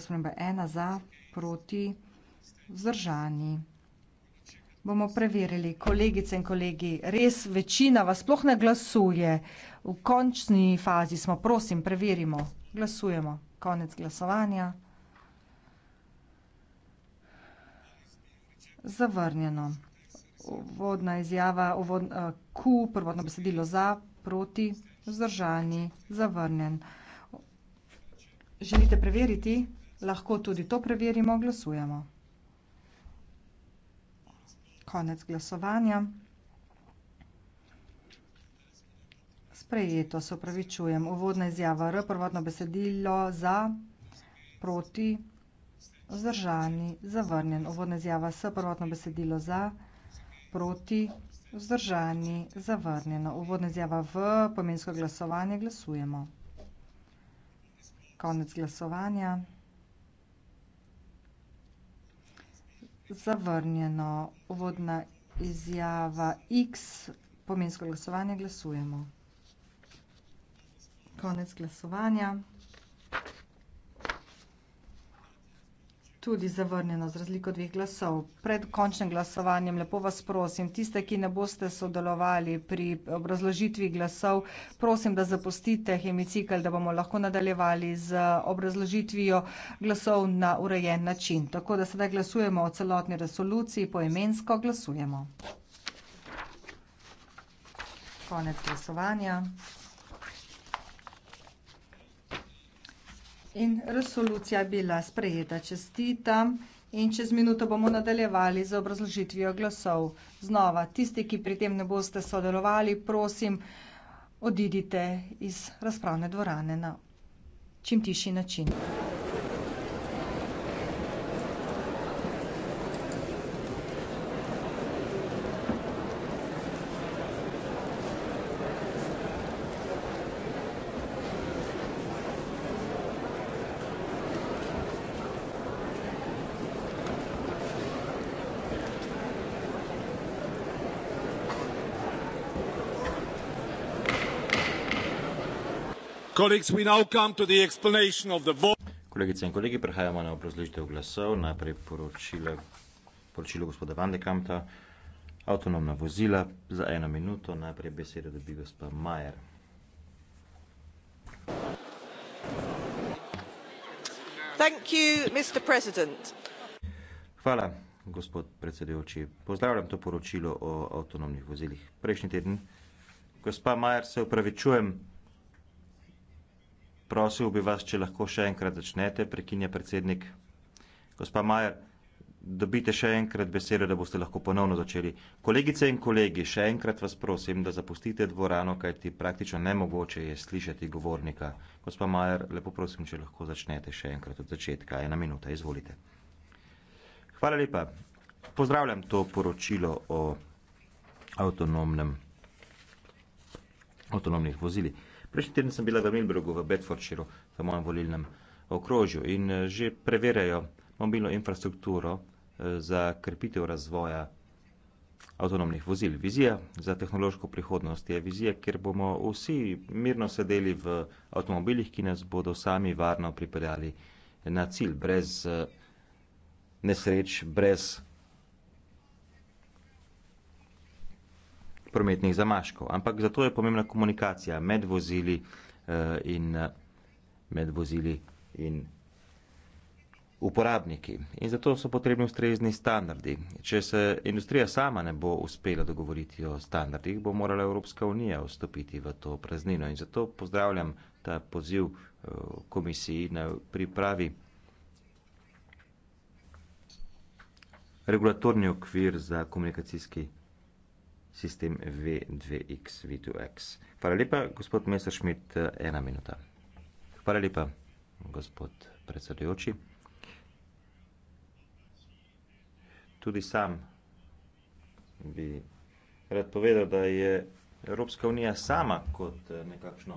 sprememba ena za, proti vzdržani. Bomo preverili, kolegice in kolegi, res večina vas sploh ne glasuje. V končni fazi smo, prosim, preverimo. Glasujemo. Konec glasovanja. Zavrnjeno. Uvodna izjava, uvod, eh, Q, prvotno besedilo za, proti, vzdržani, zavrnjen. Želite preveriti? Lahko tudi to preverimo, glasujemo. Konec glasovanja. Sprejeto se upravičujem. Uvodna izjava R, prvotno besedilo za, proti, vzdržani, zavrnjen. Uvodna izjava S, prvotno besedilo za, proti, vzdržani, zavrnjeno. Uvodna izjava V, pomensko glasovanje, glasujemo. Konec glasovanja. zavrnjeno. Uvodna izjava X, pomensko glasovanje, glasujemo. Konec glasovanja. tudi zavrnjeno z razliko dveh glasov. Pred končnim glasovanjem lepo vas prosim, tiste, ki ne boste sodelovali pri obrazložitvi glasov, prosim, da zapustite hemicikl, da bomo lahko nadaljevali z obrazložitvijo glasov na urejen način. Tako da sedaj glasujemo o celotni resoluciji, poemensko glasujemo. Konec glasovanja. In resolucija je bila sprejeta. Čestitam. In čez minuto bomo nadaljevali z obrazložitvijo glasov. Znova, tisti, ki pri tem ne boste sodelovali, prosim, odidite iz razpravne dvorane na čim tišji način. Kolegice in kolegi, prehajamo na obrazložitev glasov. Najprej poročilo, poročilo gospoda Vandekamta. Avtonomna vozila za eno minuto. Najprej besedo dobi gospa Majer. Thank you, Mr. President. Hvala, gospod predsedujoči. Pozdravljam to poročilo o avtonomnih vozilih. Prejšnji teden, gospa Majer, se upravičujem, prosil bi vas, če lahko še enkrat začnete, prekinja predsednik. Gospa Majer, dobite še enkrat besedo, da boste lahko ponovno začeli. Kolegice in kolegi, še enkrat vas prosim, da zapustite dvorano, kajti praktično nemogoče je slišati govornika. Gospa Majer, lepo prosim, če lahko začnete še enkrat od začetka. Ena minuta, izvolite. Hvala lepa. Pozdravljam to poročilo o avtonomnem, avtonomnih vozilih. Prejšnji teden sem bila v Milbrogu v Bedfordshiru, v mojem volilnem okrožju in eh, že preverjajo mobilno infrastrukturo eh, za krepitev razvoja avtonomnih vozil. Vizija za tehnološko prihodnost je vizija, kjer bomo vsi mirno sedeli v avtomobilih, ki nas bodo sami varno pripeljali na cilj, brez eh, nesreč, brez prometnih zamaškov. Ampak zato je pomembna komunikacija med vozili eh, in, eh, med vozili in uporabniki. In zato so potrebni ustrezni standardi. Če se industrija sama ne bo uspela dogovoriti o standardih, bo morala Evropska unija vstopiti v to praznino. In zato pozdravljam ta poziv eh, komisiji na pripravi regulatorni okvir za komunikacijski standard sistem V2X, V2X. Hvala lepa, gospod Messerschmidt, ena minuta. Hvala lepa, gospod predsedujoči. Tudi sam bi rad povedal, da je Evropska unija sama kot eh, nekakšno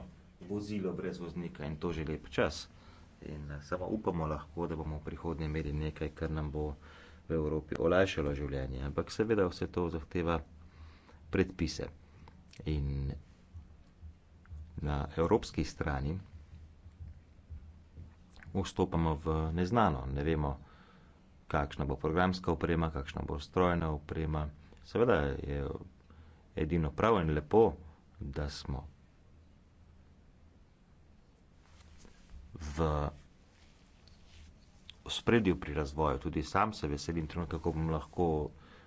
vozilo brez voznika in to že lep čas. In eh, samo upamo lahko, da bomo v prihodnje imeli nekaj, kar nam bo v Evropi olajšalo življenje. Ampak seveda vse to zahteva predpise. In na evropski strani vstopamo v neznano, ne vemo, kakšna bo programska oprema, kakšna bo strojna oprema. Seveda je edino prav in lepo, da smo v spredju pri razvoju. Tudi sam se veselim trenutka, ko bom lahko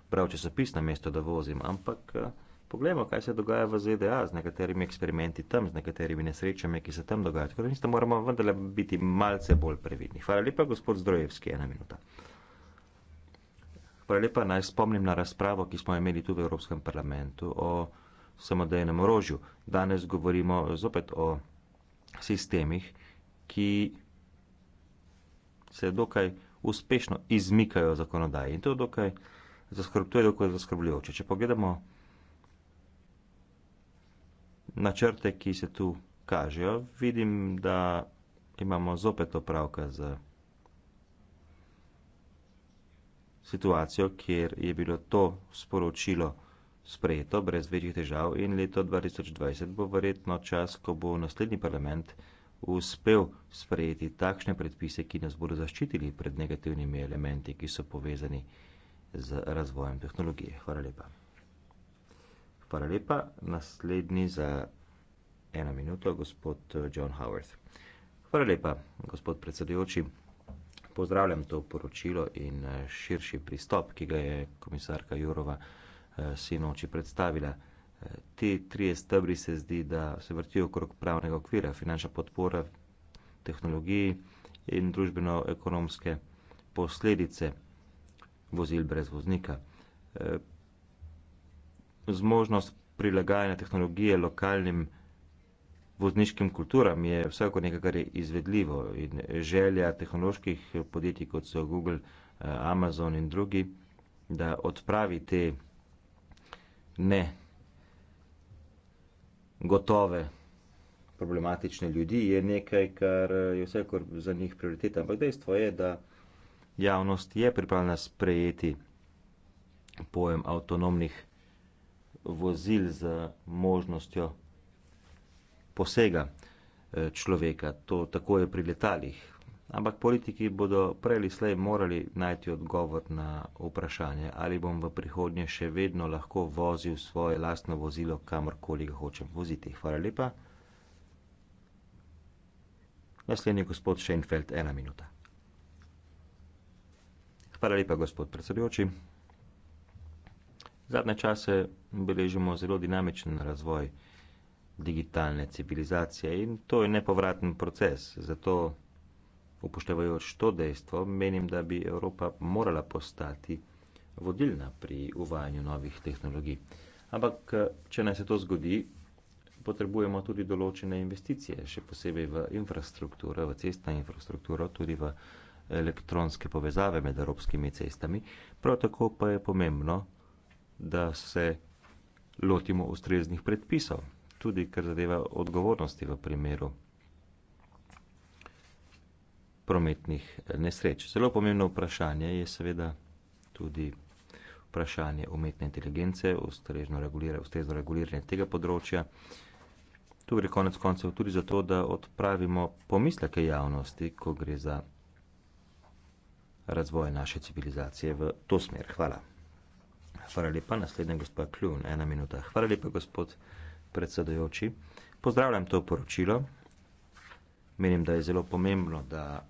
prav časopis na mesto, da vozim, ampak eh, poglejmo, kaj se dogaja v ZDA z nekaterimi eksperimenti tam, z nekaterimi nesrečami, ki se tam dogajajo. Tako da mislim, da moramo vendarle biti malce bolj previdni. Hvala lepa, gospod Zdrojevski, ena minuta. Hvala lepa, naj spomnim na razpravo, ki smo imeli tu v Evropskem parlamentu o samodejnem orožju. Danes govorimo zopet o sistemih, ki se dokaj uspešno izmikajo zakonodaji in to dokaj to je tako zaskrbljujoče. Če pogledamo načrte, ki se tu kažejo, vidim, da imamo zopet opravka z situacijo, kjer je bilo to sporočilo sprejeto brez večjih težav in leto 2020 bo verjetno čas, ko bo naslednji parlament uspel sprejeti takšne predpise, ki nas bodo zaščitili pred negativnimi elementi, ki so povezani s z razvojem tehnologije. Hvala lepa. Hvala lepa. Naslednji za eno minuto, gospod eh, John Howard. Hvala lepa, gospod predsedujoči. Pozdravljam to poročilo in eh, širši pristop, ki ga je komisarka Jurova eh, sinoči predstavila. Te trije stebri se zdi, da se vrtijo okrog pravnega okvira, finančna podpora tehnologiji in družbeno-ekonomske posledice vozil brez voznika. Eh, zmožnost prilagajanja tehnologije lokalnim vozniškim kulturam je vsako nekaj, kar je izvedljivo in želja tehnoloških podjetij, kot so Google, eh, Amazon in drugi, da odpravi te ne gotove problematične ljudi, je nekaj, kar je vsekor za njih prioriteta. Ampak dejstvo je, da javnost je pripravljena sprejeti pojem avtonomnih vozil z možnostjo posega eh, človeka. To tako je pri letalih. Ampak politiki bodo prej ali slej morali najti odgovor na vprašanje, ali bom v prihodnje še vedno lahko vozil svoje lastno vozilo, kamorkoli ga hočem voziti. Hvala lepa. Naslednji gospod Scheinfeld, ena minuta. Hvala lepa, gospod predsedujoči. Zadnje čase beležimo zelo dinamičen razvoj digitalne civilizacije in to je nepovraten proces. Zato, upoštevajoč to dejstvo, menim, da bi Evropa morala postati vodilna pri uvajanju novih tehnologij. Ampak, če naj se to zgodi, potrebujemo tudi določene investicije, še posebej v infrastrukturo, v cestno infrastrukturo, tudi v elektronske povezave med evropskimi cestami. Prav tako pa je pomembno, da se lotimo ustreznih predpisov, tudi kar zadeva odgovornosti v primeru prometnih nesreč. Zelo pomembno vprašanje je seveda tudi vprašanje umetne inteligence, ustrezno reguliranje, ustrezno reguliranje tega področja. Tu gre konec koncev tudi zato, da odpravimo pomisleke javnosti, ko gre za razvoj naše civilizacije v to smer. Hvala. Hvala lepa, naslednja gospa Kljun, ena minuta. Hvala lepa, gospod predsedojoči. Pozdravljam to poročilo. Menim, da je zelo pomembno, da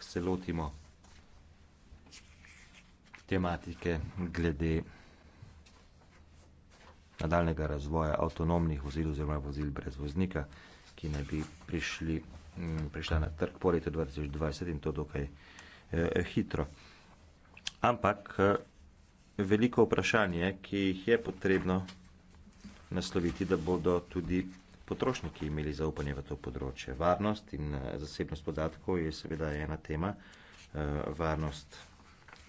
se lotimo tematike glede nadaljnega razvoja avtonomnih vozil oziroma vozil brez voznika, ki naj bi prišli, prišla na trg po letu 2020 in to dokaj Eh, hitro. Ampak eh, veliko vprašanje, ki jih je potrebno nasloviti, da bodo tudi potrošniki imeli zaupanje v to področje. Varnost in eh, zasebnost podatkov je seveda ena tema. Varnost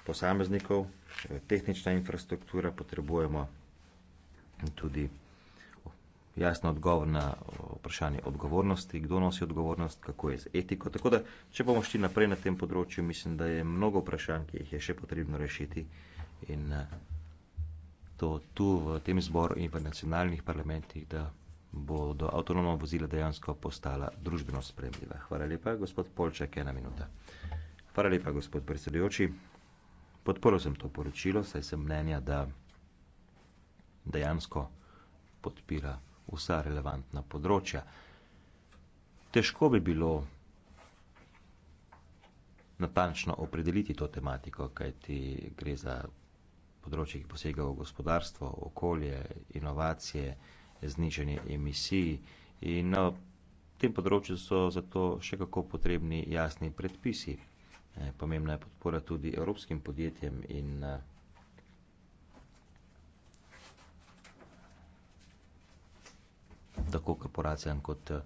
posameznikov, tehnična infrastruktura, potrebujemo tudi jasno odgovor na eh, vprašanje odgovornosti, kdo nosi odgovornost, kako je z etiko. Tako da, če bomo šli naprej na tem področju, mislim, da je mnogo vprašanj, ki jih je še potrebno rešiti in eh, to tu v tem zboru in v nacionalnih parlamentih, da bodo avtonomna vozila dejansko postala družbeno spremljiva. Hvala lepa, gospod Polček, ena minuta. Hvala lepa, gospod predsedujoči. Podporil sem to poročilo, saj sem mnenja, da dejansko podpira vsa relevantna področja. Težko bi bilo natančno opredeliti to tematiko, kaj ti gre za področje, ki posega v gospodarstvo, okolje, inovacije, znižanje emisij in na no, tem področju so zato še kako potrebni jasni predpisi. Eh, pomembna je podpora tudi evropskim podjetjem in eh, tako korporacijam kot eh,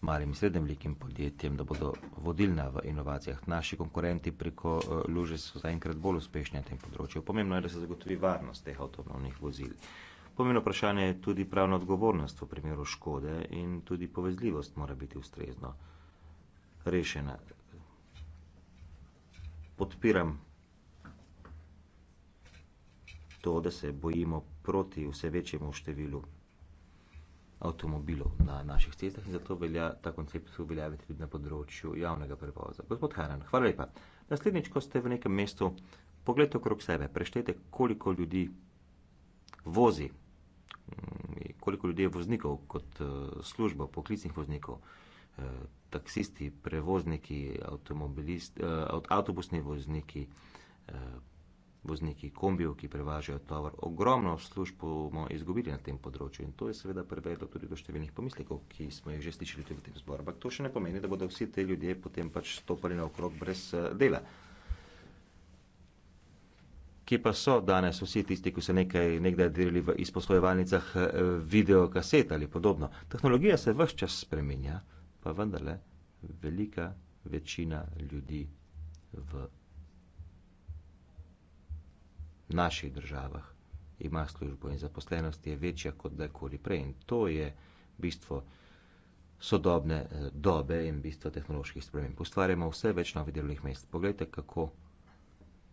malim in srednjim velikim podjetjem, da bodo vodilna v inovacijah. Naši konkurenti preko eh, Luže so zaenkrat bolj uspešni na tem področju. Pomembno je, da se zagotovi varnost teh avtonomnih vozil. Pomembno vprašanje je tudi pravna odgovornost v primeru škode in tudi povezljivost mora biti ustrezno rešena. Podpiram to, da se bojimo proti vse večjemu številu avtomobilov na naših cestah in zato velja ta koncept uveljaviti tudi na področju javnega prevoza. Gospod Haran, hvala lepa. Naslednjič, ko ste v nekem mestu, pogledajte okrog sebe, preštejte, koliko ljudi vozi, mm, koliko ljudi je voznikov kot eh, službo, poklicnih voznikov, eh, taksisti, prevozniki, eh, avtobusni vozniki, vozniki kombijo, ki prevažajo tovor, ogromno služb bomo izgubili na tem področju in to je seveda prevedlo tudi do številnih pomislekov, ki smo jih že slišali tudi v tem zboru. Ampak to še ne pomeni, da bodo vsi te ljudje potem pač stopali na okrog brez eh, dela. Kje pa so danes vsi tisti, ki so nekaj nekdaj delili v izposlojevalnicah eh, videokaset ali podobno? Tehnologija se vse čas spreminja, pa vendarle velika večina ljudi v naših državah ima službo in zaposlenost je večja kot dajkoli prej. In to je bistvo sodobne eh, dobe in bistvo tehnoloških sprememb. Ustvarjamo vse več novih delovnih mest. Poglejte, kako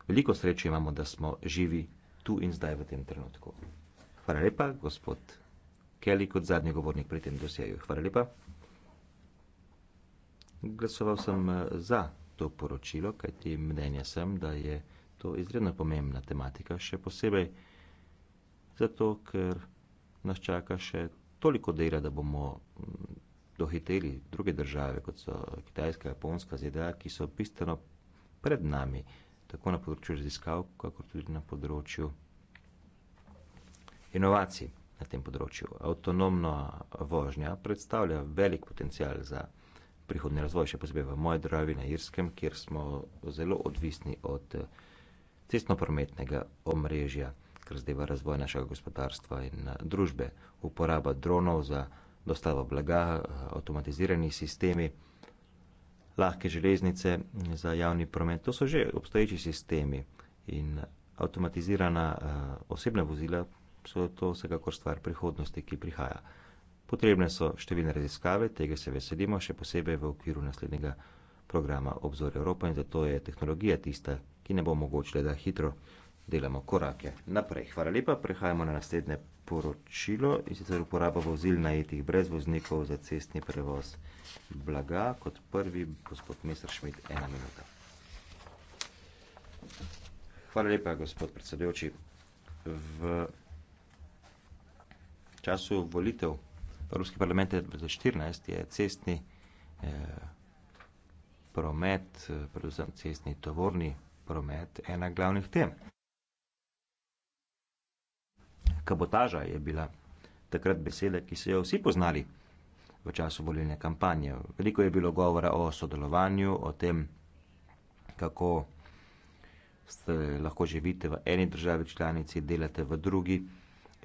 veliko sreče imamo, da smo živi tu in zdaj v tem trenutku. Hvala lepa, gospod Kelly, kot zadnji govornik pri tem dosjeju. Hvala lepa. Glasoval sem eh, za to poročilo, kajti mnenja sem, da je to izredno pomembna tematika, še posebej zato, ker nas čaka še toliko dela, da bomo mm, dohiteli druge države, kot so Kitajska, Japonska, ZDA, ki so bistveno pred nami, tako na področju raziskav, kakor tudi na področju inovacij na tem področju. Avtonomna vožnja predstavlja velik potencial za prihodni razvoj, še posebej v moji državi na Irskem, kjer smo zelo odvisni od eh, cestnoprometnega omrežja, kar zdajva razvoj našega gospodarstva in eh, družbe, uporaba dronov za dostavo blaga, eh, avtomatizirani sistemi, lahke železnice eh, za javni promet. To so že obstoječi sistemi in avtomatizirana osebna vozila so to vsekakor stvar prihodnosti, ki prihaja. Potrebne so številne raziskave, tega se veselimo, še posebej v okviru naslednjega programa Obzor Evropa in zato je tehnologija tista, ki ne bo omogočile, da hitro delamo korake naprej. Hvala lepa, prehajamo na naslednje poročilo in sicer uporaba vozil najetih brez voznikov za cestni prevoz blaga. Kot prvi, gospod Mr. Šmit, ena minuta. Hvala lepa, gospod predsedujoči. V času volitev Evropski parlament je 2014 je cestni eh, promet, eh, predvsem cestni tovorni promet ena glavnih tem. Kabotaža je bila takrat beseda, ki so jo vsi poznali v času volilne kampanje. Veliko je bilo govora o sodelovanju, o tem, kako ste, lahko živite v eni državi članici, delate v drugi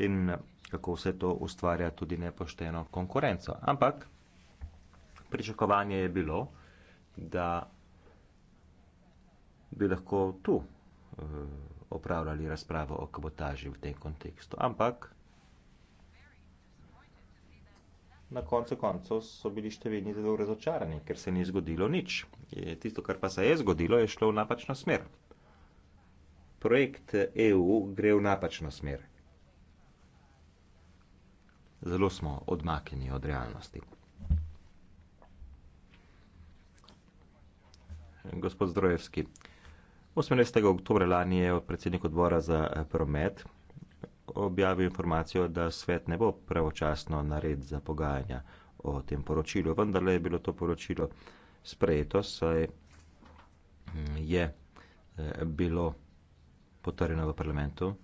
in kako vse to ustvarja tudi nepošteno konkurenco. Ampak pričakovanje je bilo, da bi lahko tu eh, opravljali razpravo o kabotaži v tem kontekstu. Ampak na koncu koncev so bili številni zelo razočarani, ker se ni zgodilo nič. Tisto, kar pa se je zgodilo, je šlo v napačno smer. Projekt EU gre v napačno smer. Zelo smo odmaknjeni od realnosti. Gospod Zdrojevski, 18. oktober lani je predsednik odbora za eh, promet objavil informacijo, da svet ne bo pravočasno nared za pogajanja o tem poročilu. Vendar je bilo to poročilo sprejeto, saj mm, je eh, bilo potrjeno v parlamentu,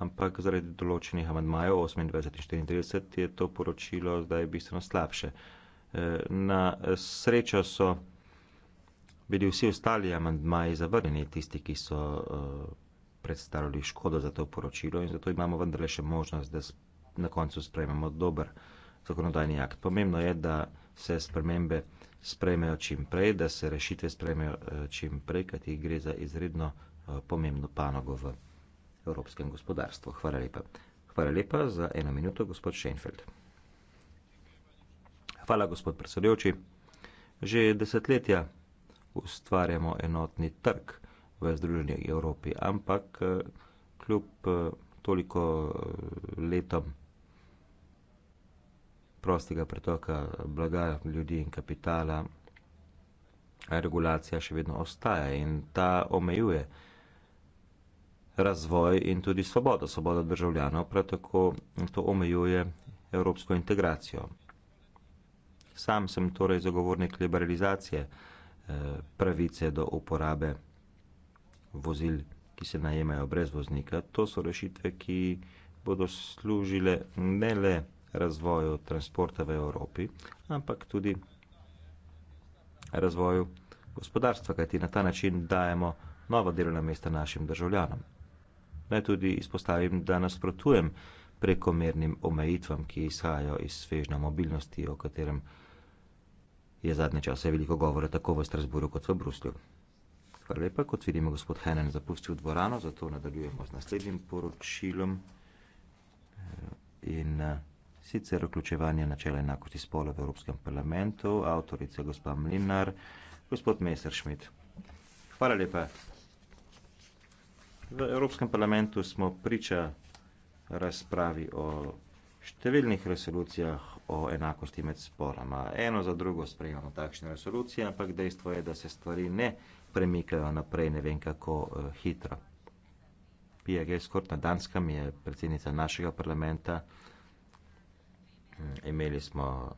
ampak zaradi določenih amadmajev 28 in 34 je to poročilo zdaj bistveno slabše. Eh, na srečo so bili vsi ostali amantmaji zavrnjeni, tisti, ki so uh, eh, predstavljali škodo za to poročilo in zato imamo vendarle še možnost, da na koncu sprejmemo dober zakonodajni akt. Pomembno je, da se spremembe sprejmejo čim prej, da se rešitve sprejmejo eh, čim prej, kajti gre za izredno eh, pomembno panogo v evropskem gospodarstvu. Hvala lepa. Hvala lepa za eno minuto, gospod Schenfeld. Hvala, gospod predsedujoči. Že desetletja ustvarjamo enotni trg v Združeni Evropi, ampak eh, kljub eh, toliko eh, letom prostega pretoka blaga, ljudi in kapitala, regulacija še vedno ostaja in ta omejuje razvoj in tudi svobodo, svobodo državljanov, prav tako to omejuje evropsko integracijo. Sam sem torej zagovornik liberalizacije. Eh, pravice do uporabe vozil, ki se najemajo brez voznika. To so rešitve, ki bodo služile ne le razvoju transporta v Evropi, ampak tudi razvoju gospodarstva, kajti na ta način dajemo nova delovna mesta našim državljanom. Naj tudi izpostavim, da nasprotujem prekomernim omejitvam, ki izhajajo iz svežna mobilnosti, o katerem govorim je zadnje čase veliko govora tako v Strasburu kot v Bruslju. Hvala lepa, kot vidimo, gospod Henen zapustil dvorano, zato nadaljujemo z naslednjim poročilom eh, in eh, sicer vključevanje načela enakosti spola v Evropskem parlamentu, avtorica gospa Mlinar, gospod Messerschmidt. Hvala lepa. V Evropskem parlamentu smo priča razpravi o številnih resolucijah o enakosti med sporama. Eno za drugo sprejemamo takšne resolucije, ampak dejstvo je, da se stvari ne premikajo naprej, ne vem kako eh, hitro. Pia Gelskort na Danskem je predsednica našega parlamenta. Mm, imeli smo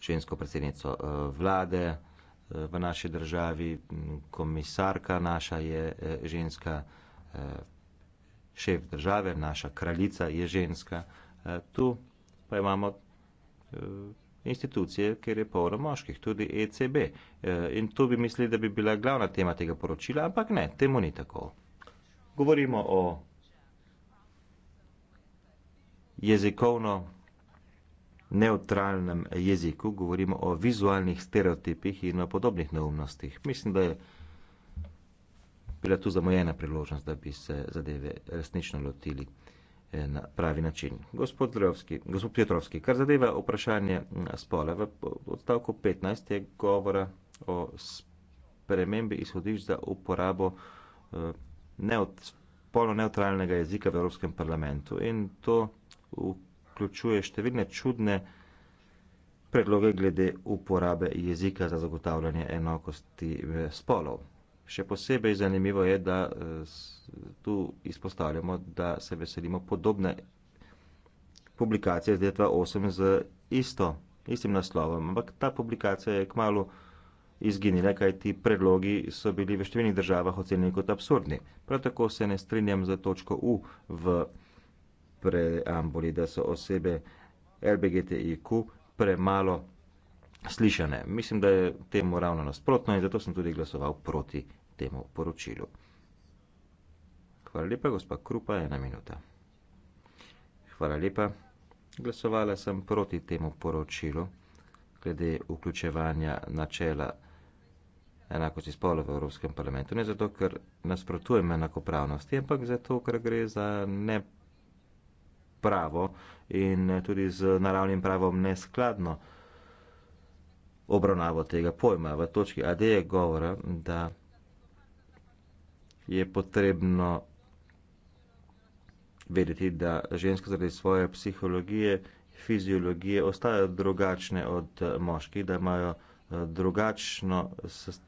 žensko predsednico eh, vlade eh, v naši državi, mm, komisarka naša je eh, ženska, eh, šef države, naša kraljica je ženska. Eh, tu pa imamo Eh, institucije, kjer je polno moških, tudi ECB. Eh, in tu bi mislili, da bi bila glavna tema tega poročila, ampak ne, temu ni tako. Govorimo o jezikovno neutralnem jeziku, govorimo o vizualnih stereotipih in o podobnih neumnostih. Mislim, da je bila tu zamojena priložnost, da bi se zadeve resnično lotili. Eh, na pravi način. Gospod, gospod Petrovski, kar zadeva vprašanje eh, spola, v odstavku 15 je govora o spremembi izhodišč za uporabo eh, neot, spolno neutralnega jezika v Evropskem parlamentu in to vključuje številne čudne predloge glede uporabe jezika za zagotavljanje enakosti spolov. Še posebej zanimivo je, da eh, tu izpostavljamo, da se veselimo podobne publikacije iz leta 2008 z isto, istim naslovom, ampak ta publikacija je kmalo izginila, kaj ti predlogi so bili v številnih državah ocenjeni kot absurdni. Prav tako se ne strinjam za točko U v preambuli, da so osebe LBGTIQ premalo slišane. Mislim, da je temu ravno nasprotno in zato sem tudi glasoval proti temu poročilu. Hvala lepa, gospa Krupa, ena minuta. Hvala lepa. Glasovala sem proti temu poročilu, glede vključevanja načela enakosti spolov v Evropskem parlamentu. Ne zato, ker nasprotujem enakopravnosti, ampak zato, ker gre za nepravo in tudi z naravnim pravom neskladno obravnavo tega pojma. V točki AD je govora, da je potrebno vedeti, da ženske zaradi svoje psihologije, fiziologije ostajajo drugačne od eh, moških, da imajo eh, drugačno,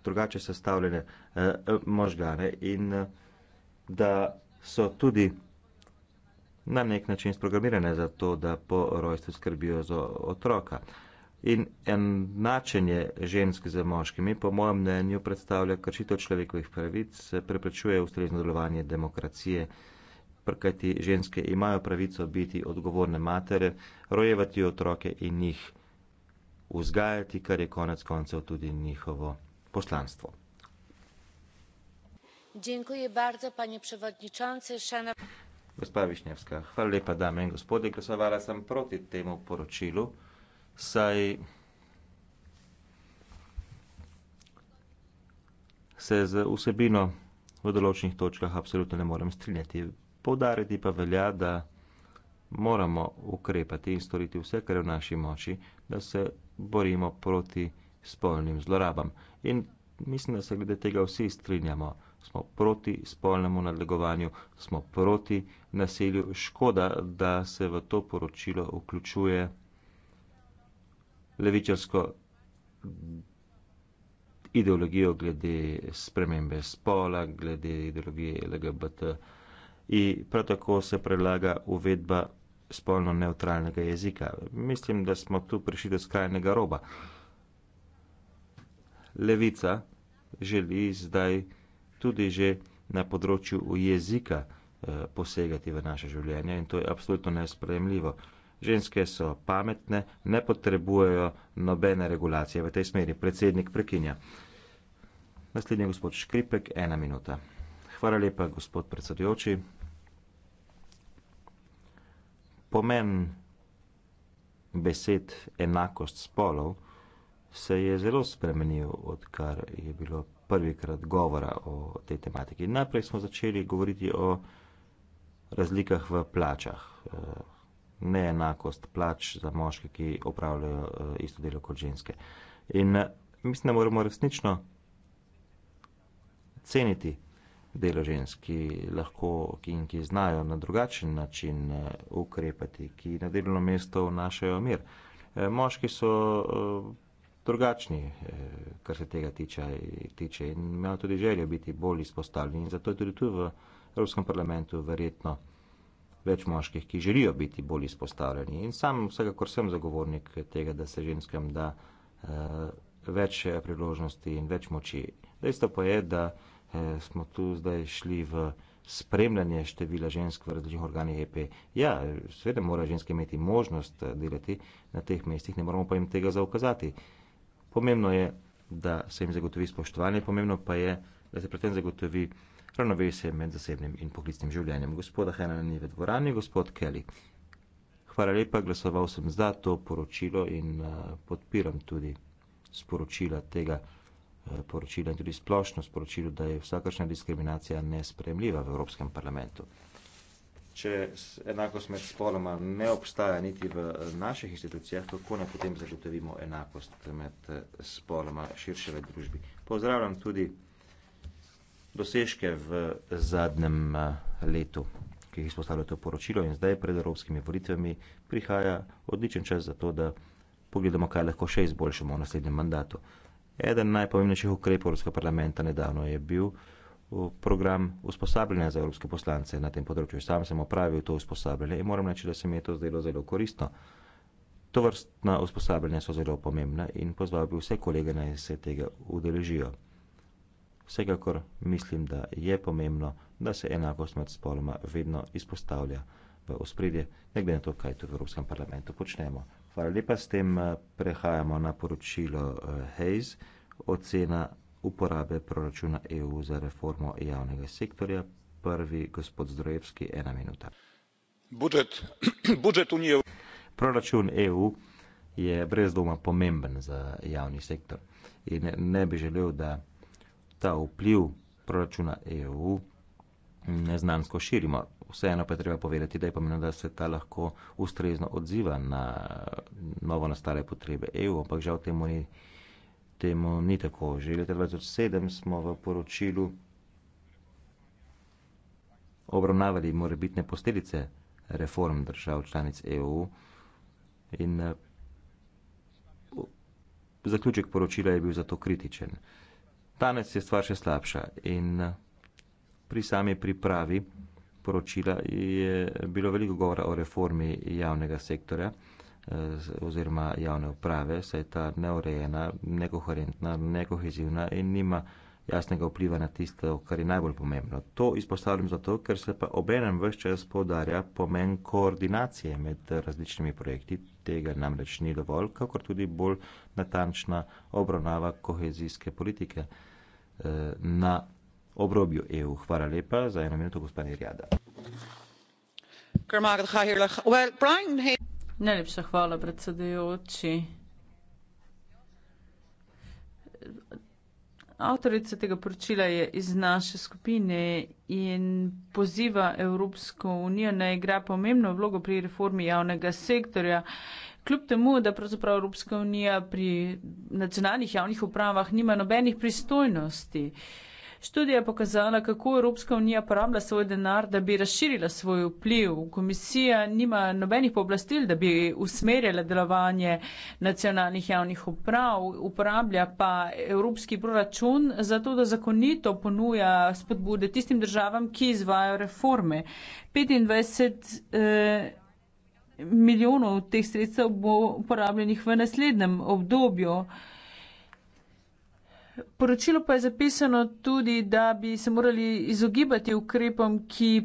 drugače sestavljene eh, možgane in da so tudi na nek način sprogramirane za to, da po rojstvu skrbijo za otroka. In enačenje žensk z moškimi, po mojem mnenju, predstavlja kršitev človekovih pravic, preprečuje ustrezno delovanje demokracije, prkati ženske imajo pravico biti odgovorne matere, rojevati otroke in jih vzgajati, kar je konec koncev tudi njihovo poslanstvo. Dziękuję bardzo, panie przewodniczący. Szanow... Gospa Višnjevska, hvala lepa, dame in gospodje, glasovala sem proti temu poročilu saj se z vsebino v določenih točkah absolutno ne morem strinjati. Poudariti pa velja, da moramo ukrepati in storiti vse, kar je v naši moči, da se borimo proti spolnim zlorabam. In mislim, da se glede tega vsi strinjamo. Smo proti spolnemu nadlegovanju, smo proti nasilju. Škoda, da se v to poročilo vključuje levičarsko ideologijo glede spremembe spola, glede ideologije LGBT. In prav tako se predlaga uvedba spolno neutralnega jezika. Mislim, da smo tu prišli do skrajnega roba. Levica želi zdaj tudi že na področju jezika eh, posegati v naše življenje in to je absolutno nespremljivo ženske so pametne, ne potrebujejo nobene regulacije v tej smeri. Predsednik prekinja. Naslednji je gospod Škripek, ena minuta. Hvala lepa, gospod predsedujoči. Pomen besed enakost spolov se je zelo spremenil, odkar je bilo prvikrat govora o tej tematiki. Najprej smo začeli govoriti o razlikah v plačah. Eh, neenakost plač za moške, ki opravljajo uh, isto delo kot ženske. In uh, mislim, da moramo resnično ceniti delo žensk, ki lahko in ki, ki znajo na drugačen način uh, ukrepati, ki na delovno mesto vnašajo mir. E, moški so uh, drugačni, uh, kar se tega tiče, tiče in imajo tudi željo biti bolj izpostavljeni in zato je tudi tu v Evropskem parlamentu verjetno več moških, ki želijo biti bolj izpostavljeni. In sam vsekakor sem zagovornik tega, da se ženskam da uh, več eh, priložnosti in več moči. Dejstvo pa je, da uh, smo tu zdaj šli v spremljanje števila žensk v različnih organih EP. Ja, seveda morajo ženske imeti možnost delati na teh mestih, ne moramo pa jim tega zaukazati. Pomembno je, da se jim zagotovi spoštovanje, pomembno pa je, da se predtem zagotovi ravnovesje med zasebnim in poklicnim življenjem. Gospoda Henana ni v dvorani, gospod Kelly. Hvala lepa, glasoval sem za to poročilo in uh, podpiram tudi sporočila tega uh, poročila in tudi splošno sporočilo, da je vsakršna diskriminacija nespremljiva v Evropskem parlamentu. Če enakost med spoloma ne obstaja niti v eh, naših institucijah, kako ne potem zagotovimo enakost med spoloma širše v družbi. Pozdravljam tudi dosežke v zadnjem eh, letu, ki jih izpostavlja to poročilo in zdaj pred evropskimi volitvami prihaja odličen čas za to, da pogledamo, kaj lahko še izboljšamo v naslednjem mandatu. Eden najpomembnejših ukrepov Evropskega parlamenta nedavno je bil program usposabljanja za evropske poslance na tem področju. Sam sem opravil to usposabljanje in moram reči, da se mi je to zdelo zelo koristno. To vrstna usposabljanja so zelo pomembna in pozval bi vse kolege naj se tega udeležijo. Vsekakor mislim, da je pomembno, da se enakost med spoloma vedno izpostavlja v ospredje, ne glede na to, kaj tu v Evropskem parlamentu počnemo. Hvala lepa, s tem eh, prehajamo na poročilo eh, Hayes, ocena uporabe proračuna EU za reformo javnega sektorja. Prvi gospod Zdrojevski, ena minuta. Budžet, budžet unije. Proračun EU je brez dvoma pomemben za javni sektor in ne bi želel, da ta vpliv proračuna EU neznansko širimo. Vseeno pa je treba povedati, da je pomembno, da se ta lahko ustrezno odziva na novo nastale potrebe EU, ampak žal temu ni, temu ni tako. Že leta 2007 smo v poročilu obravnavali morebitne posledice reform držav članic EU in eh, zaključek poročila je bil zato kritičen danes je stvar še slabša. In eh, pri sami pripravi poročila je bilo veliko govora o reformi javnega sektorja eh, oziroma javne uprave, saj je ta neurejena, nekoherentna, nekohezivna in nima jasnega vpliva na tisto, kar je najbolj pomembno. To izpostavljam zato, ker se pa obenem vse čas podarja pomen koordinacije med različnimi projekti, tega namreč ni dovolj, kakor tudi bolj natančna obravnava kohezijske politike. Eh, na obrobju EU. Hvala lepa. Za eno minuto gospa Nerjada. Najlepša hvala, predsedujoči. Avtorica tega poročila je iz naše skupine in poziva Evropsko unijo, naj igra pomembno vlogo pri reformi javnega sektorja kljub temu, da pravzaprav Evropska unija pri nacionalnih javnih upravah nima nobenih pristojnosti. Študija je pokazala, kako Evropska unija porablja svoj denar, da bi razširila svoj vpliv. Komisija nima nobenih pooblastil, da bi usmerjala delovanje nacionalnih javnih uprav, uporablja pa Evropski proračun za to, da zakonito ponuja spodbude tistim državam, ki izvajo reforme. 25, eh, milijonov teh sredstev bo uporabljenih v naslednjem obdobju. Poročilo pa je zapisano tudi, da bi se morali izogibati ukrepom, ki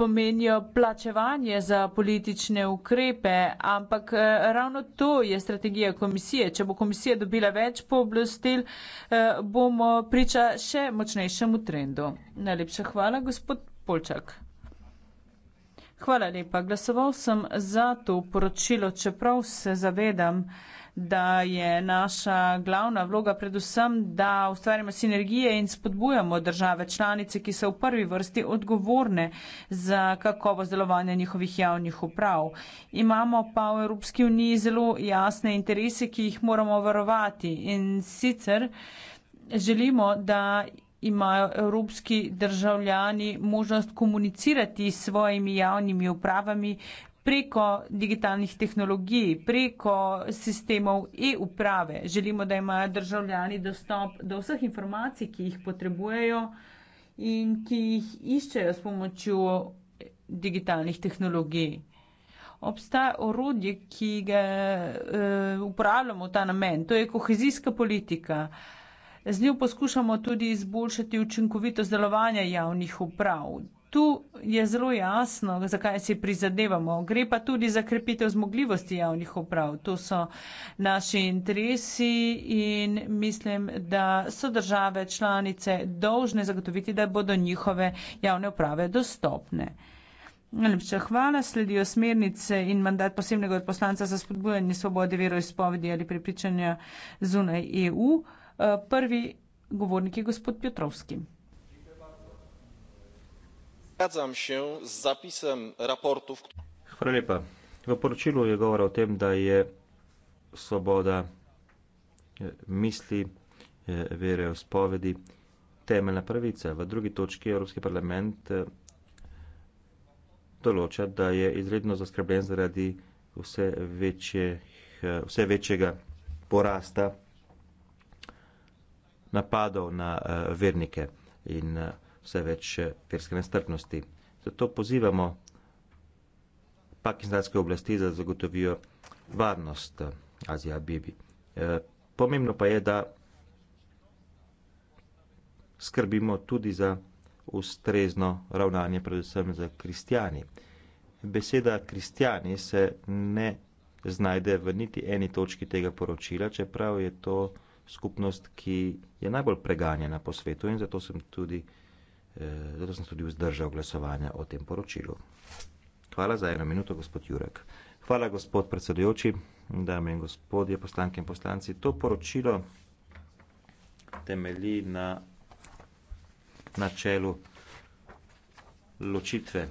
pomenijo plačevanje za politične ukrepe, ampak eh, ravno to je strategija komisije. Če bo komisija dobila več pooblastil, eh, bomo priča še močnejšemu trendu. Najlepša hvala, gospod Polčak. Hvala lepa. Glasoval sem za to poročilo, čeprav se zavedam, da je naša glavna vloga predvsem, da ustvarjamo sinergije in spodbujamo države članice, ki so v prvi vrsti odgovorne za kakovo zdelovanje njihovih javnih uprav. Imamo pa v Evropski uniji zelo jasne interese, ki jih moramo varovati in sicer želimo, da imajo evropski državljani možnost komunicirati s svojimi javnimi upravami preko digitalnih tehnologij, preko sistemov e-uprave. Želimo, da imajo državljani dostop do vseh informacij, ki jih potrebujejo in ki jih iščejo s pomočjo digitalnih tehnologij. Obstaja orodje, ki ga uh, uporabljamo v ta namen, to je kohezijska politika. Uh, Z njo poskušamo tudi izboljšati učinkovitost delovanja javnih uprav. Tu je zelo jasno, zakaj si prizadevamo. Gre pa tudi za krepitev zmogljivosti javnih uprav. To so naši interesi in mislim, da so države članice dolžne zagotoviti, da bodo njihove javne uprave dostopne. Najlepša hvala. Sledijo smernice in mandat posebnega odposlanca za spodbujanje svobode veroizpovedi ali prepričanja zunaj EU. Prvi govornik je gospod Piotrowski. Zgadzam się z zapisem raportu. Hvala lepa. V poročilu je govora o tem, da je svoboda eh, misli, eh, vere v spovedi temeljna pravica. V drugi točki Evropski parlament eh, določa, da je izredno zaskrbljen zaradi vse, večje, vse večjega porasta napadov na eh, vernike in eh, vse več eh, verske nestrpnosti. Zato pozivamo pakistanske oblasti, da zagotovijo varnost Azija Bibi. Pomembno pa je, da skrbimo tudi za ustrezno ravnanje, predvsem za kristijani. Beseda kristijani se ne znajde v niti eni točki tega poročila, čeprav je to skupnost, ki je najbolj preganjena po svetu in zato sem tudi, eh, zato sem tudi vzdržal glasovanje o tem poročilu. Hvala za eno minuto, gospod Jurek. Hvala, gospod predsedujoči, dame in gospodje, poslanke in poslanci. To poročilo temelji na načelu ločitve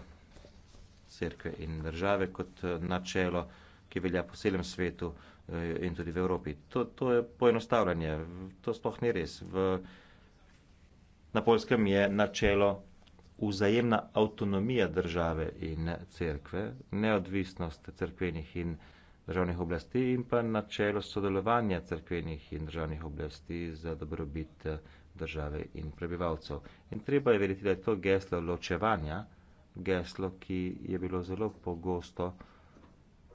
cerkve in države kot eh, načelo, ki velja po celem svetu, Eh, in tudi v Evropi. To, to je poenostavljanje, to sploh ni res. V, na polskem je načelo vzajemna avtonomija države in cerkve, neodvisnost cerkvenih in državnih oblasti in pa načelo sodelovanja cerkvenih in državnih oblasti za dobrobit eh, države in prebivalcev. In treba je verjeti, da je to geslo ločevanja, geslo, ki je bilo zelo pogosto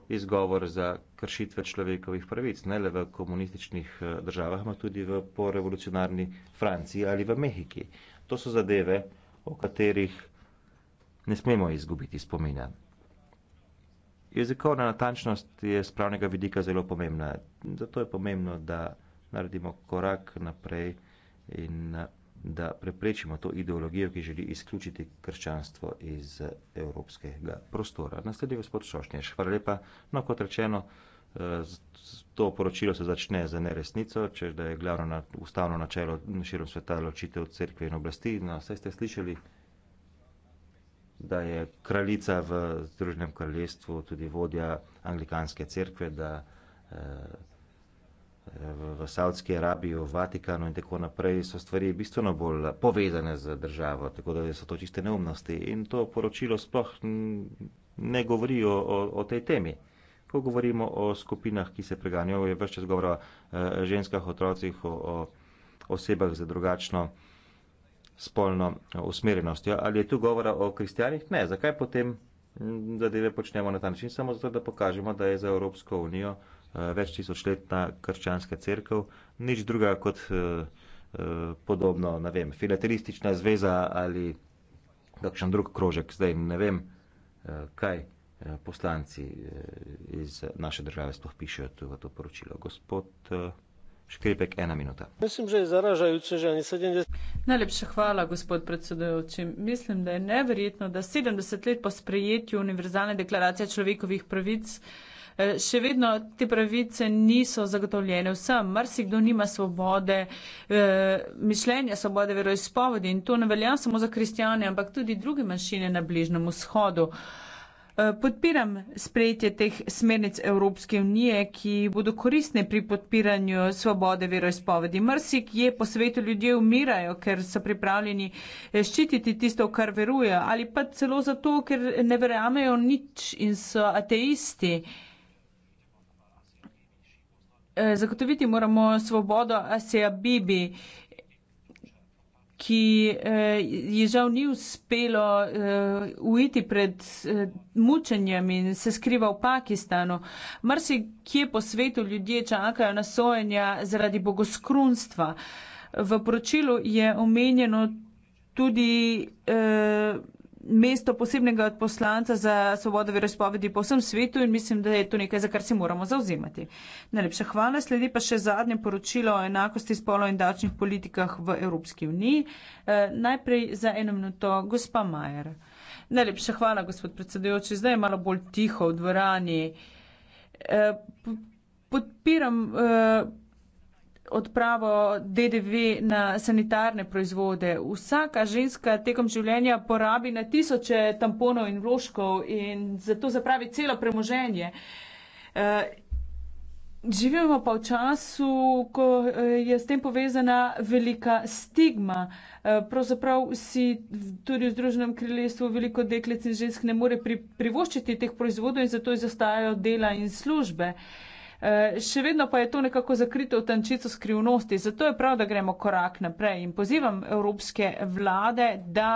izgovor za kršitve človekovih pravic, ne le v komunističnih eh, državah, ampak tudi v porevolucionarni Franciji ali v Mehiki. To so zadeve, o katerih ne smemo izgubiti spominja. Jezikovna natančnost je z pravnega vidika zelo pomembna. Zato je pomembno, da naredimo korak naprej in eh, da preprečimo to ideologijo, ki želi izključiti krščanstvo iz evropskega prostora. Nasledi gospod Šošnješ. Hvala lepa. No, kot rečeno, eh, to poročilo se začne za neresnico, če da je glavno na, ustavno načelo širom sveta ločitev cerkve in oblasti. No, saj ste slišali, da je kraljica v Združenem kraljestvu tudi vodja anglikanske cerkve, da eh, v, v Saudski Arabiji, v Vatikanu in tako naprej, so stvari bistveno bolj povezane z državo, tako da so to čiste neumnosti. In to poročilo sploh ne govori o, o, o tej temi. Ko govorimo o skupinah, ki se preganjajo, je vse čas govora o eh, ženskah, otrocih, o, o osebah za drugačno spolno usmerjenost. Ali je tu govora o kristijanih? Ne. Zakaj potem zadeve počnemo na ta način? Samo zato, da pokažemo, da je za Evropsko unijo Eh, več tisočletna krščanska crkva, nič druga kot eh, eh, podobno, ne vem, filateristična zveza ali kakšen drug krožek, zdaj ne vem, kaj poslanci iz naše države sploh pišejo tu v to poročilo. Gospod Škripek, ena minuta. Mislim, že je zaražajoče, že ni 70. Najlepša hvala, gospod predsedujoči. Mislim, da je neverjetno, da 70 let po sprejetju univerzalne deklaracije človekovih pravic Eh, še vedno te pravice niso zagotovljene vsem. Marsikdo nima svobode eh, mišljenja, svobode veroizpovedi in to ne velja samo za kristjane, ampak tudi druge manjšine na Bližnjem vzhodu. Eh, podpiram sprejetje teh smernic Evropske unije, ki bodo koristne pri podpiranju svobode veroizpovedi. Mrsik je po svetu ljudje umirajo, ker so pripravljeni ščititi tisto, kar verujejo, ali pa celo zato, ker ne verjamejo nič in so ateisti. Eh, zagotoviti moramo svobodo Asija Bibi, ki eh, ji žal ni uspelo eh, ujiti pred mučenjem in se skriva v Pakistanu. Mrsi, kje po svetu ljudje čakajo na sojenja zaradi bogoskrunstva. V poročilu je omenjeno tudi eh, mesto posebnega odposlanca za svobodo verospovedi po vsem svetu in mislim, da je to nekaj, za kar se moramo zauzemati. Najlepša hvala. Sledi pa še zadnje poročilo o enakosti spolov in davčnih politikah v Evropski uniji. E, najprej za eno minuto gospa Majer. Najlepša hvala, gospod predsedujoči. Zdaj je malo bolj tiho v dvorani. E, podpiram. E, odpravo DDV na sanitarne proizvode. Vsaka ženska tekom življenja porabi na tisoče tamponov in vložkov in zato zapravi celo premoženje. Eh, živimo pa v času, ko eh, je s tem povezana velika stigma. Eh, pravzaprav si tudi v Združenem kraljestvu veliko deklic in žensk ne more pri, privoščiti teh proizvodov in zato izostajajo dela in službe. Uh, Eh, še vedno pa je to nekako zakrito v tančico skrivnosti, zato je prav, da gremo korak naprej in pozivam evropske vlade, da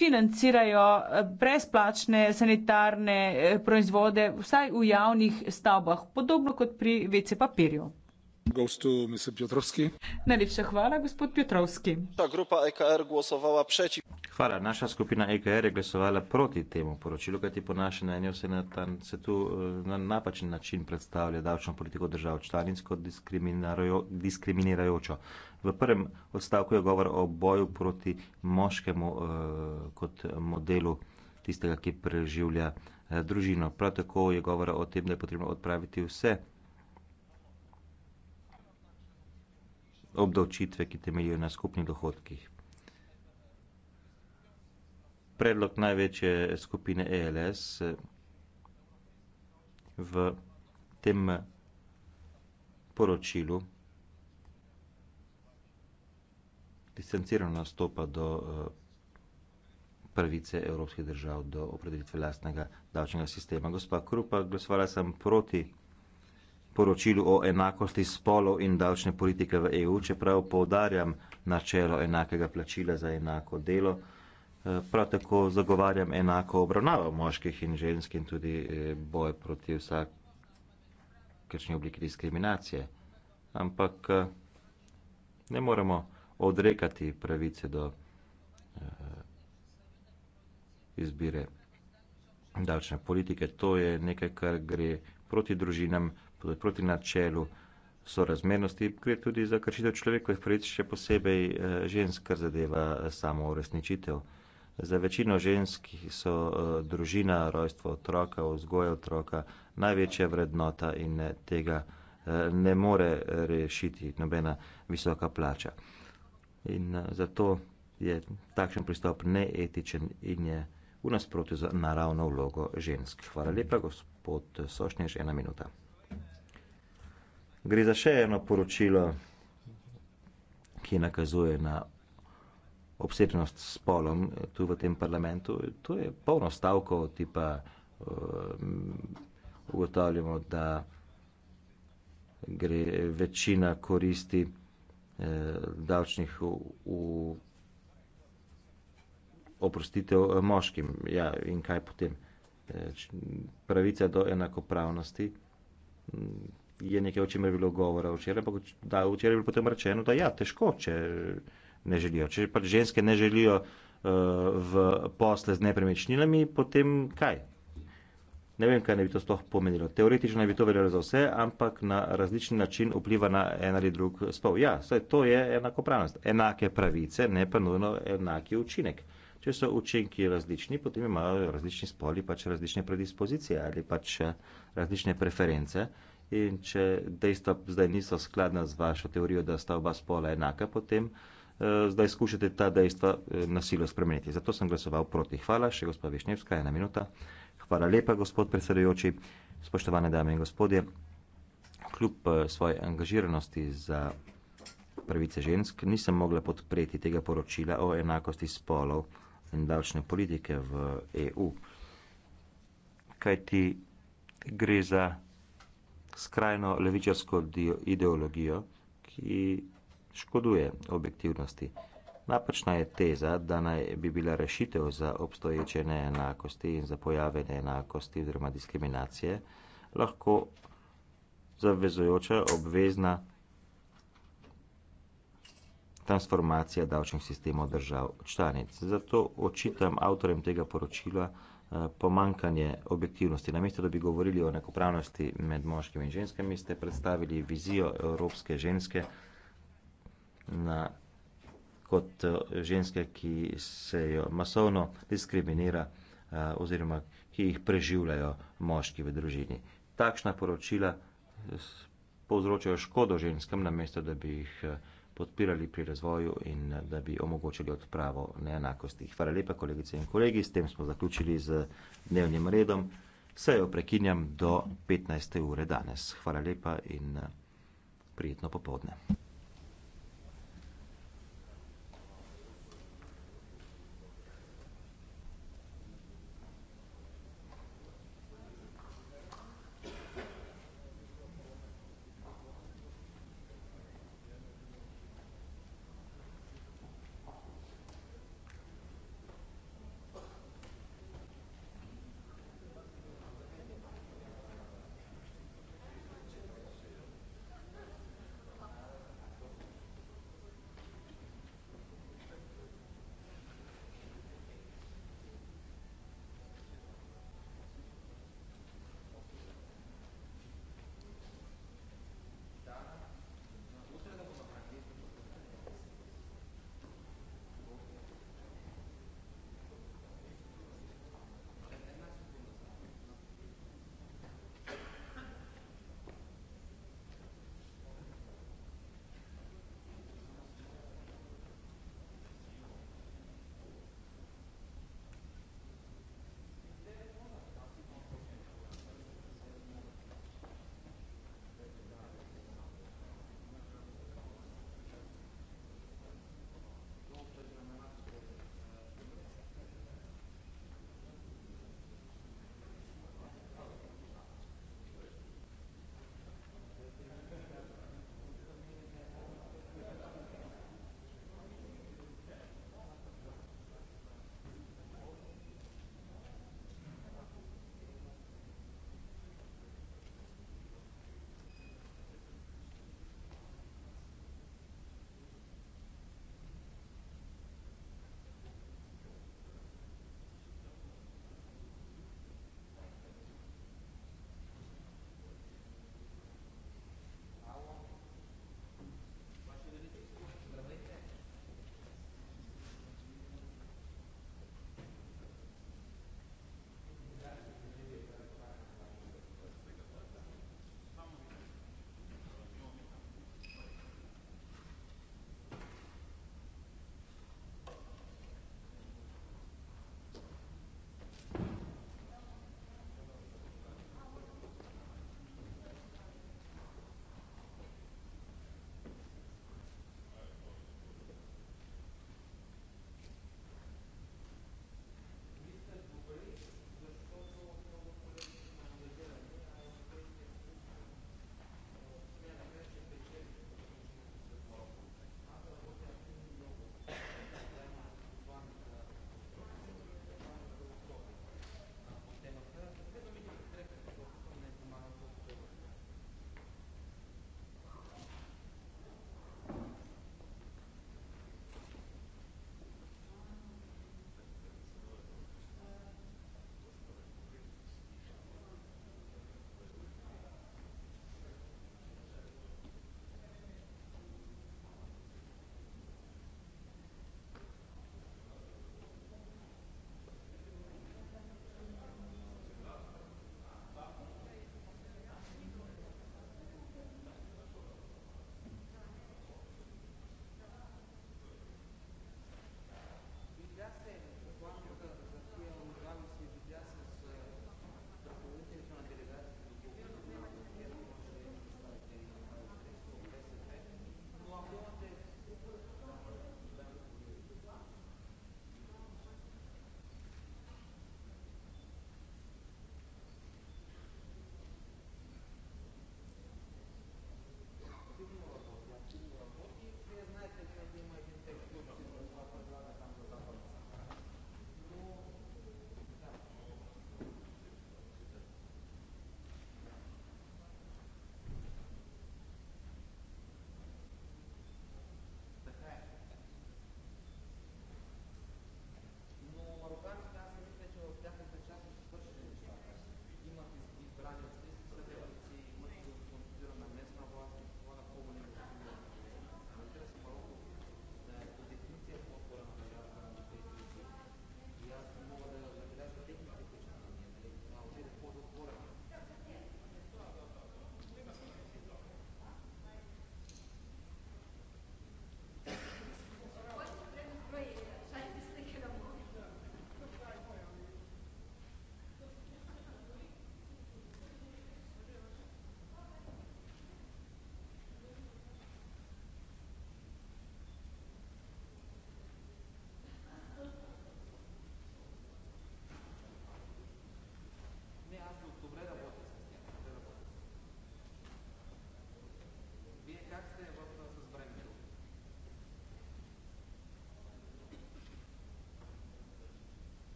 financirajo eh, brezplačne sanitarne eh, proizvode vsaj v javnih stavbah, podobno kot pri WC papirju. Najlepša hvala, gospod Petrovski. E hvala. Naša skupina EKR je glasovala proti temu poročilu, kajti po našem mnenju se, na ta, se tu eh, na napačen način predstavlja davčno politiko držav članic kot diskriminirajočo. V prvem odstavku je govor o boju proti moškemu eh, kot modelu tistega, ki preživlja eh, družino. Prav tako je govora o tem, da je potrebno odpraviti vse obdavčitve, ki temeljijo na skupnih dohodkih. Predlog največje skupine ELS v tem poročilu distancirano nastopa do eh, pravice evropskih držav do opredelitve lastnega davčnega sistema. Gospa Krupa, glasovala sem proti poročilu o enakosti spolov in davčne politike v EU, čeprav poudarjam načelo enakega plačila za enako delo, eh, prav tako zagovarjam enako obravnavo moških in žensk in tudi eh, boj proti vsak kakšni obliki diskriminacije. Ampak eh, ne moremo odrekati pravice do izbire davčne politike. To je nekaj, kar gre proti družinam, Torej, proti načelu sorazmernosti, gre tudi za kršitev človekovih pravic, še posebej eh, žensk, kar zadeva eh, samo uresničitev. Za večino žensk so eh, družina, rojstvo otroka, vzgoj otroka največja vrednota in tega ne more rešiti nobena visoka plača. In zato je takšen pristop neetičen in je v nasprotju z naravno vlogo žensk. Hvala lepa, gospod Sošnjež, ena minuta. Gre za še eno poročilo, ki nakazuje na obsednost s polom tu v tem parlamentu. To je polno stavkov, tipa uh, ugotavljamo, da gre večina koristi uh, davčnih v, v oprostitev uh, moškim. Ja, in kaj potem? Pravica do enakopravnosti je nekaj, o čemer je bilo govora včeraj, ampak da, včeraj je bilo potem rečeno, da ja, težko, če ne želijo. Če pa ženske ne želijo uh, v posle z nepremičninami, potem kaj? Ne vem, kaj ne bi to sploh pomenilo. Teoretično ne bi to verjelo za vse, ampak na različen način vpliva na en ali drug spol. Ja, saj to je enakopravnost. Enake pravice, ne pa nujno enaki učinek. Če so učinki različni, potem imajo različni spoli pač različne predispozicije ali pač eh, različne preference. Uh, In če dejstva zdaj niso skladna z vašo teorijo, da sta oba spola enaka, potem eh, zdaj skušate ta dejstva eh, nasilo spremeniti. Zato sem glasoval proti. Hvala še gospa Višnevska, ena minuta. Hvala lepa, gospod predsedujoči, spoštovane dame in gospodje. Kljub eh, svoje angažiranosti za pravice žensk nisem mogla podpreti tega poročila o enakosti spolov in davčne politike v EU. Kaj ti gre za? skrajno levičarsko ideologijo, ki škoduje objektivnosti. Napačna je teza, da naj bi bila rešitev za obstoječe neenakosti in za pojave neenakosti oziroma diskriminacije lahko zavezojoča obvezna transformacija davčnih sistemov držav članic. Zato očitam avtorem tega poročila, Eh, pomankanje objektivnosti. Namesto, da bi govorili o nekopravnosti med moškimi in ženskami, ste predstavili vizijo evropske ženske na, kot eh, ženske, ki se jo masovno diskriminira eh, oziroma ki jih preživljajo moški v družini. Takšna poročila povzročajo škodo ženskam, namesto, da bi jih podpirali pri razvoju in eh, da bi omogočili odpravo neenakosti. Hvala lepa, kolegice in kolegi. S tem smo zaključili z dnevnim redom. Sejo prekinjam do 15. ure danes. Hvala lepa in eh, prijetno popovdne.